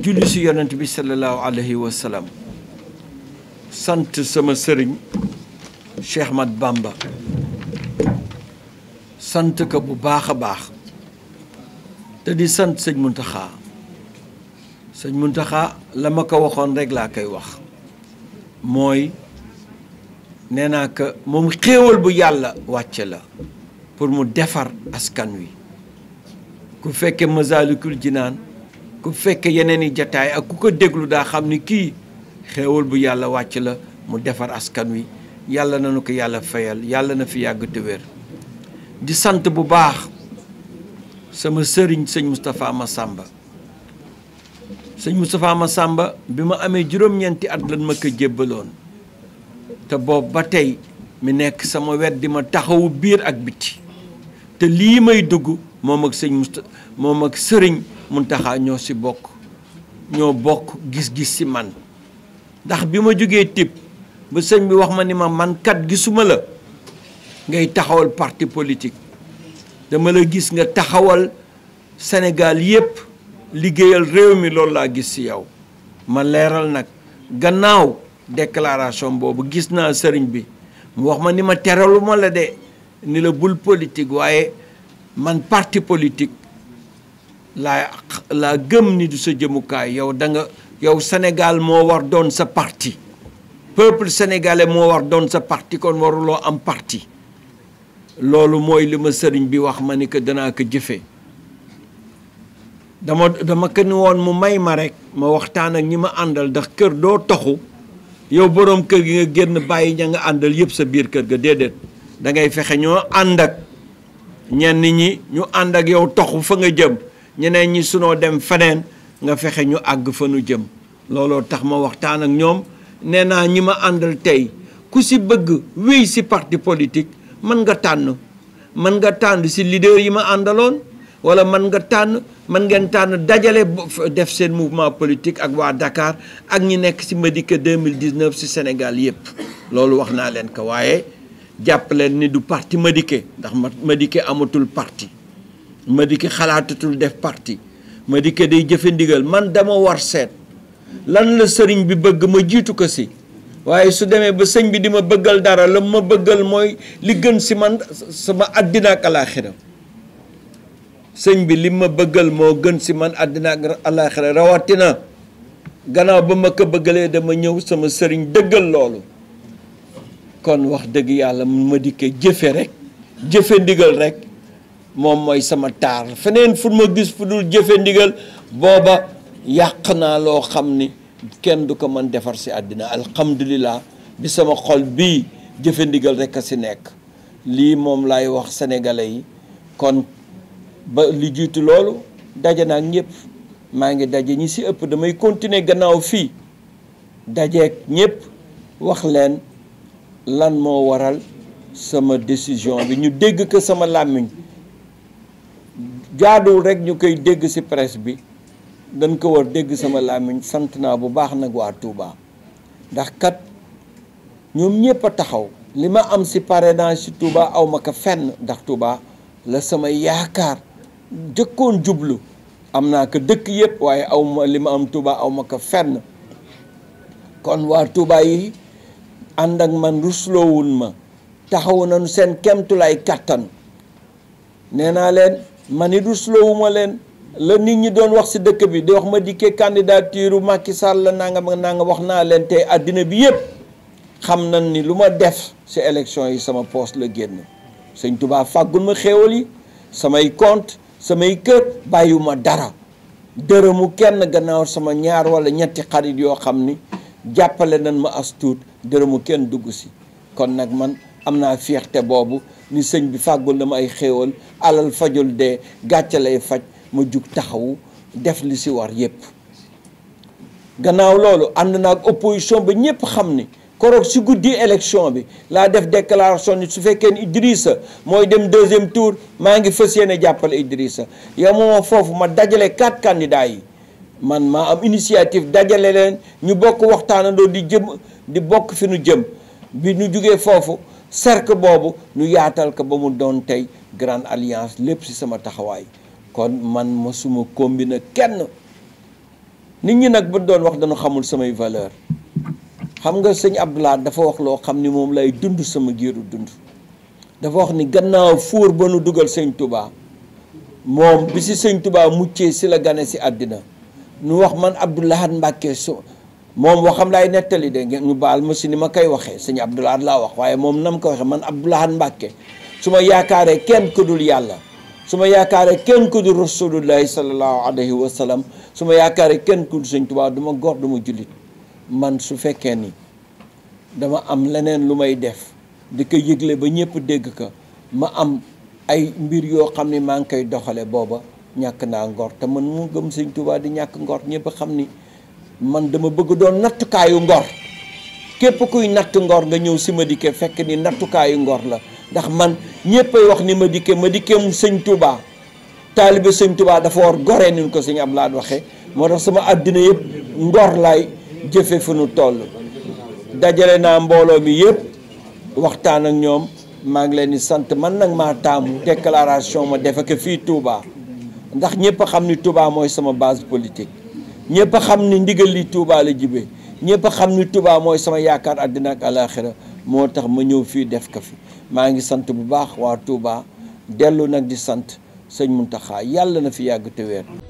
julli si yonent bi sallallahu alayhi wa salaam sant sama sëriñ Cheikh Mat Bamba sant ko bu baax a baax te di sant sëñ Muntaxa sëñ Muntaxa la ma ko waxoon rek laa koy wax mooy nee naa ko moom xéewal bu yàlla wàcce la pour mu defar askan wi ku fekkee Masaalikul Jinaan ku fekke yeneen i jataay ak ku ko déglu daa xam ni kii xéewal bu yàlla wàcc la mu defar askan wi yàlla na nu ko yàlla fayal yàlla na fi yàgg te di sant bu baax sama sëriñ sëñ Moustapha Massamba sëñ ma sàmba bi ma amee juróom-ñeenti at lan ma ko jébbaloon te boob ba tey mu nekk sama wet di ma taxawu biir ak biti te lii may dugg moom ak sëñ Musta moom ak sëriñ taxaa ñoo si bokk ñoo bokk gis-gis si man ndax bi ma jógee tib ba sëñ bi wax ma ni ma mankat kat gisuma la ngay taxawal parti politique dama la gis nga taxawal Sénégal yépp liggéeyal réew mi loolu laa gis ci yow ma leeral nag gannaaw declaration boobu gis naa sëriñ bi mu wax ma ni ma teraluma la de ni la bul politique waaye man parti politique laa laa gëm ni du sa jëmukaay yow danga nga yow Sénégal moo war doon sa parti peuple sénégalais moo war doon sa parti kon waruloo am parti loolu mooy li ma sëriñ bi wax ma ne que danaa ko jëfee dama dama ko woon mu may ma rek ma waxtaan ak ñi ma àndal ndax kër doo toxu yow boroom kër gi nga génn bàyyi ña nga àndal yëpp sa biir kër ga déedéet da ngay fexe ñoo ànd ak ñenn ñi ñu ànd ak yow toxu fa nga jëm ñeneen ñi sunoo dem feneen nga fexe ñu àgg fa nu jëm looloo tax ma waxtaan ak ñoom nee naa ñi ma àndal tey ku si bëgg wéy si parti politique mën nga tànn mën nga tànn si leader yi ma àndaloon wala mën nga tànn mën ngeen tànn dajale def seen mouvement politique ak waa dakaar ak ñi nekk si Madické 2019 si Sénégal yëpp loolu wax naa leen ko waaye jàppaleen ni du parti ma dikke ndax ma dikke amatul parti ma Madické xalaatatul def parti Madické day jëfe ndigal man dama war seet lan la sëriñ bi bëgg ma jiitu ko si waaye su demee ba sëñ bi di ma bëggal dara la ma bëggal mooy li gën si man sama àddina ak alaaxira sëñ bi li ma bëggal moo gën si man àddina ak alaaxira rawatina gannaaw ba ma ko bëggalee dama ñëw sama sëriñ dëggal loolu kon wax dëgg yàlla mu ma dikk jëfe rek jëfe ndigal rek moom mooy sama taar feneen fu ma gis fu dul jëfe ndigal booba yàq naa loo xam ni kenn du ko mën defar si àddina alhamdulilah bi sama xol bii jëfe ndigal rek a si nekk lii moom laay wax sénégalais yi kon ba li jiitu loolu daje naa ñëpp maa ngi daje ñi si ëpp damay continuer gannaaw fii dajeek ñëpp wax leen lan moo waral sama décision bi ñu dégg que sama làmmiñ jaaduwul rekk ñu koy dégg ci presse bi dañ ko war dégg sama làmmiñ sant naa bu baax nag waa Touba ndax kat ñoom ñëpp a taxaw li ma am si parrainage ci Touba aw ma ko fenn ndax Touba la sama yaakaar jëkkoon jublu am naa ko dëkk yëpp waaye aw ma li ma am Touba aw ko fenn kon waa Touba yi ànd ak man rusloowun ma taxaw nañu seen kemtulay kàttan nee naa leen man it rusloowuma leen la nit ñi doon wax si dëkk bi di wax ma dikkee candidature Macky Sall la nangam ak nangam wax naa leen tey àddina bi yëpp xam nañ ni lu ma def si élection yi sama poste la génn sëñ Tuubaa fàggul ma xéewal yi samay compte samay kër bàyyiwuma dara dërëmu kenn gannaaw sama ñaar wala ñetti xarit yoo xam ni jàppale nañ ma as tuut dërëmu kenn dugg si kon nag man am naa te boobu ni sëñ bi fàggul na ma ay xéewal alal fajul de gàccalay faj ma jug taxawu def li si war yépp gannaaw loolu ànd naa ak opposition ba ñépp xam ni koroog si guddi élection bi laa def déclaration ni su fekkee ni Idrissa mooy dem deuxième tour maa ngi fas yéene jàppale sa yow moom foofu ma dajale quatre candidats yi man maa am initiative dajale leen ñu bokk waxtaanandoo di jëm di bokk fi nu jëm bi nu jugee foofu cercle boobu nu yaatal ko ba mu doon tey grande alliance lépp ci sama taxawaay kon man ma suma na kenn nit ñi nag ba doon wax dañu xamul samay valeur xam nga sëñ Abdoulaye dafa wax loo xam ni moom lay dund sama giiru dund dafa wax ni gannaaw fuur ba nu dugal sëñ Touba moom bi ci sëñ tubaa muccee si la gane ci àddina nu wax man Abdou Lahad Mbacke su moom waxam laay nettali de ñu baal ma si ma koy waxee sëñ Abdou Lahad laa wax waaye moom nam ko waxee man Abdou Lahad Mbacke su ma yaakaaree kenn ku dul yàlla su ma yaakaaree kenn ku dul rasulullahi sallallahu alayhi wa sallam su ma yaakaaree kenn ku dul sëñ duma goor ma góor du ma jullit man su fekkee ni dama am leneen lu may def di ko yëgle ba ñëpp dégg ka ma am ay mbir yoo xam ne maa ngi koy doxale booba ñàkk naa ngor te man mu gëm sëñ Tuubaa di ñàkk ngor ñëpp xam ni man dama bëgg doon nattukaayu ngor képp kuy natt ngor nga ñëw si dikkee fekk ni nattukaayu ngor la ndax man ñëppay wax ni ma Madické Madické mu sëñ Tuubaa taalibe sëñ Tuubaa dafa war gore ni ko sëñ Abdoulaye waxee moo tax sama àddina yëpp ngor laay jëfe fu nu toll dajale naa mbooloo mi yëpp waxtaan ak ñoom maa ngi leen di sant man nag maa taamu déclaration ma defe ko fii Touba. ndax ñëpp a xam ni Touba mooy sama base politique ñëpp a xam ni ndigal li Touba la jibee ñëpp a xam ni tubaa mooy sama yaakaar àddina ak alaaxira moo tax ma ñëw fii def ko fi maa ngi sant bu baax waa Touba dellu nag di sant sëñ Mountakha yàlla na fi yàgg te weer